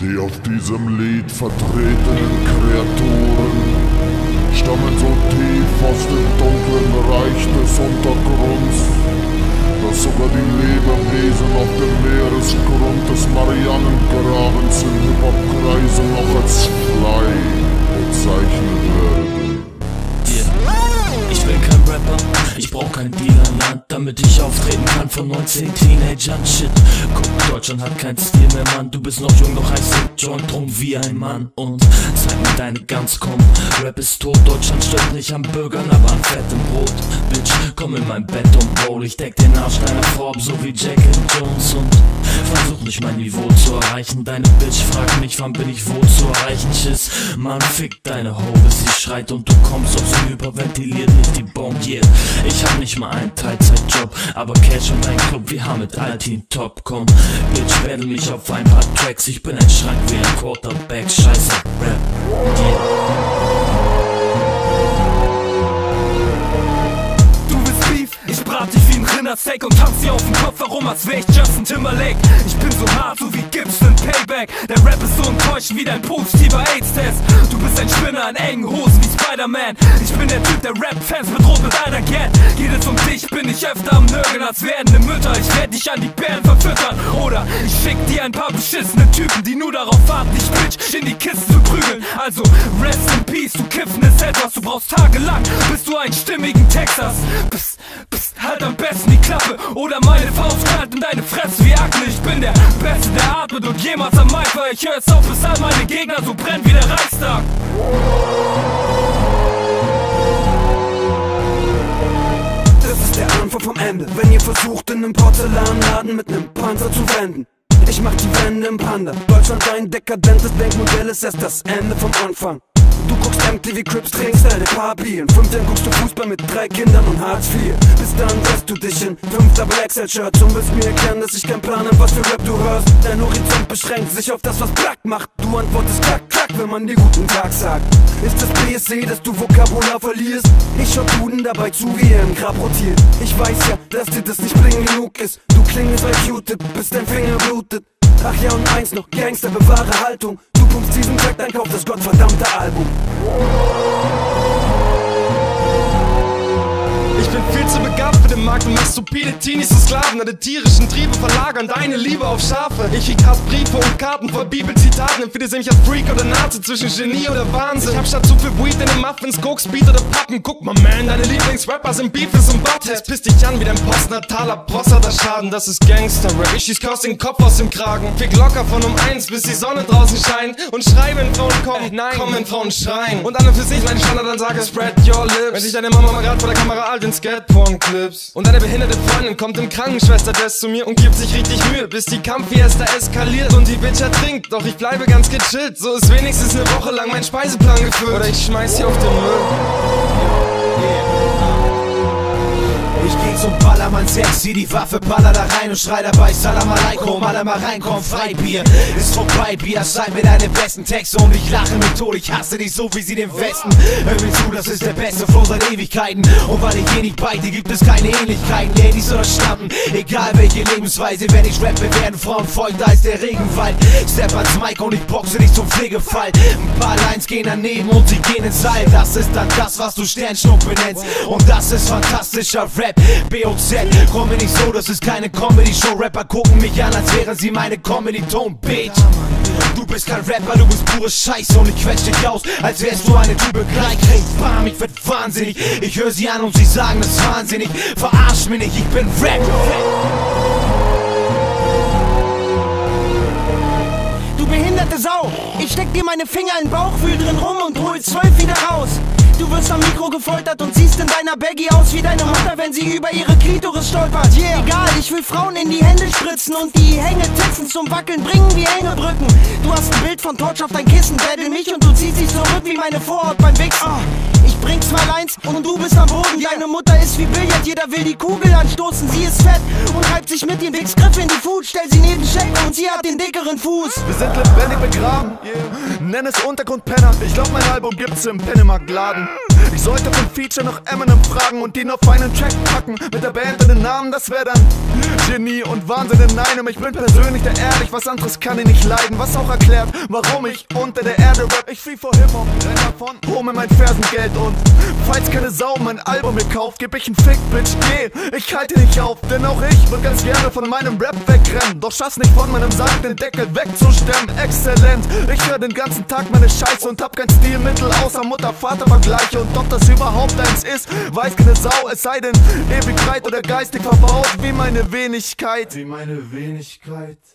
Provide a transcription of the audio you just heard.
Die auf diesem Lied vertretenen Kreaturen stammen so tief aus dem dunklen Reich des Untergrunds, dass sogar die Lebewesen auf dem Meeresgrund des Marianengrabens in hip noch als Schlei bezeichnet werden. damit ich auftreten kann von 19 Teenagern Shit, guck, Deutschland hat kein Stil mehr, Mann Du bist noch jung, doch heißt Joint drum wie ein Mann Und zeig mir deine Guns, komm Rap ist tot, Deutschland stirbt nicht an Bürgern, aber an fettem Brot Bitch, komm in mein Bett und roll Ich deck den Arsch deiner Form, so wie Jack and Jones Und versuch nicht mein Niveau zu erreichen Deine Bitch fragt mich, wann bin ich wo zu erreichen Schiss, Mann, fick deine Ho, bis sie schreit Und du kommst auf sie, überventiliert nicht die Bombe yeah. Ich hab nicht mal einen Teilzeit Job Aber Cash und ein Club, wir haben mit Altin Top, komm Bitch, battle mich auf ein paar Tracks Ich bin ein Schrank wie ein Quarterback Thomas Wicht, Justin Timberlake. Ich bin so hart, so wie Gibson Payback. Der Rap ist so enttäuschend wie dein positiver AIDS-Test. Du bist ein Spinner in engen Hosen wie Spider-Man. Ich bin der Typ, der Rap-Fans bedroht mit einer Geht es um dich bin ich öfter am Nörgeln als werdende Mütter. Ich werd dich an die Bären verfüttern. Oder ich schick dir ein paar beschissene Typen, die nur darauf warten, dich Bitch in die Kiste zu prügeln. Also rest in peace, du Kiffen ist etwas. Du brauchst tagelang, bis du einen stimmigen Text hast. Bist, bist halt am besten die Klappe. Oder meine Faust halt in deine Fresse wie Akne Ich bin der Beste, der atmet und jemals am Mic war Ich höre jetzt auf, bis all meine Gegner so brennen wie der Reichstag Das ist der Anfang vom Ende Wenn ihr versucht, in einem Porzellanladen mit einem Panzer zu wenden ich mach die Wände im Panda Deutschland ein dekadentes Denkmodell ist erst das Ende vom Anfang Du guckst MTV Crips, trinkst paar Papi In 15 guckst du Fußball mit drei Kindern und Hartz IV Bis dann drehst du dich in fünfter Black Set shirt Und willst mir erklären, dass ich kein Plan hab, was für Rap du hörst Dein Horizont beschränkt sich auf das, was Black macht Du antwortest Kack, Kack, wenn man dir guten Tag sagt Ist das BSC, dass du Vokabular verlierst? Ich schau Duden dabei zu, wie er im Grab rotiert Ich weiß ja, dass dir das nicht bling genug ist Du klingelst bei Q-Tip, bis dein Finger blutet Ach ja und eins noch, Gangster, bewahre Haltung Zukunft diesen Track, dann kauft das gottverdammte Album. Spiele Teenies zu Sklaven, alle tierischen Triebe verlagern deine Liebe auf Schafe. Ich krieg Hassbriefe und Karten voll Bibelzitaten, empfinde sie mich als Freak oder Nazi zwischen Genie oder Wahnsinn. Ich hab statt zu viel Weed in den Muffins, Koks, Speed oder Pappen. Guck mal, man, deine Lieblingsrapper sind Beefes und Buttheads. Piss dich an wie dein postnataler Posser, Schaden, das ist Gangster-Rap. Ich schieß Curse den Kopf aus dem Kragen, fick locker von um eins, bis die Sonne draußen scheint. Und schrei, wenn Frauen kommen, äh, nein, komm, wenn Frauen schreien. Und alle für sich meine Standard dann sage, spread your lips. Wenn sich deine Mama mal grad vor der Kamera all den Skatporn-Clips und deine behinderte Freundin kommt im Krankenschwester-Dress zu mir und gibt sich richtig Mühe, bis die Kampffiesta eskaliert und die Bitch ertrinkt. Doch ich bleibe ganz gechillt, so ist wenigstens eine Woche lang mein Speiseplan gefüllt. Oder ich schmeiß sie auf den Müll. geh zum Ballermann Sex, Sieh die Waffe, baller da rein und schrei dabei Salam alaikum, alle mal reinkommen, Freibier Ist vorbei, Bier, scheint mit deinem besten Texte und ich lache mit Tod, ich hasse dich so wie sie den Westen Hör mir zu, das ist der Beste von unseren Ewigkeiten und weil ich eh nicht bei dir gibt es keine Ähnlichkeiten, Ladies oder Schnappen, egal welche Lebensweise, wenn ich rappe, werden Frauen folgt, da ist der Regenwald Step ans Mike und ich boxe dich zum Pflegefall Ein paar Lines gehen daneben und sie gehen ins All Das ist dann das, was du Sternschnuppe nennst und das ist fantastischer Rap BOZ, komme nicht so, das ist keine Comedy-Show. Rapper gucken mich an, als wären sie meine Comedy-Tone, Bitch. Du bist kein Rapper, du bist pure Scheiße und ich quetsche dich aus, als wärst du eine Tube gleich. Hey, bam, ich werd wahnsinnig. Ich höre sie an und sie sagen, das ist wahnsinnig. Verarsch mich nicht, ich bin Rap. Du behinderte Sau, ich steck dir meine Finger in den Bauch, wühl drin rum und hol zwölf. Mikro gefoltert und siehst in deiner Baggy aus wie deine Mutter, wenn sie über ihre Klitoris stolpert. Yeah. Egal, ich will Frauen in die Hände spritzen und die Hänge Hängetitzen zum Wackeln bringen wie Hängebrücken. Du hast ein Bild von Torch auf dein Kissen, battle mich und du ziehst dich zurück wie meine Vorhaut beim Wichsen. Ah. Ich bring's mal eins und du bist am Boden. Deine Mutter ist wie Billard, jeder will die Kugel anstoßen. Sie ist fett und reibt sich mit den Wichsgriff in die Food. Stell sie neben Shake und sie hat den dickeren Fuß. Wir sind lebendig begraben, yeah. nenn es Untergrundpenner. Ich glaub, mein Album gibt's im Penemarkt-Laden. Ich sollte vom Feature noch Eminem fragen und ihn auf einen Track packen. Mit der Band und den Namen, das wäre dann Genie und Wahnsinn in einem. Ich bin persönlich der ehrlich, was anderes kann ich nicht leiden. Was auch erklärt, warum ich unter der Erde rap. Ich fiel vor Hip-Hop, renn von hol mein Fersengeld und falls keine Sau mein Album mir kauft, geb ich ein Fick, Bitch, geh. Ich halte dich auf, denn auch ich würde ganz gerne von meinem Rap wegrennen. Doch schaff's nicht von meinem Sack, den Deckel wegzustemmen. Exzellent, ich höre den ganzen Tag meine Scheiße und hab kein Stilmittel außer Mutter-Vater-Vergleiche und doch ob das überhaupt eins ist, weiß keine Sau, es sei denn ewig oder geistig verbaut, wie meine Wenigkeit. Wie meine Wenigkeit.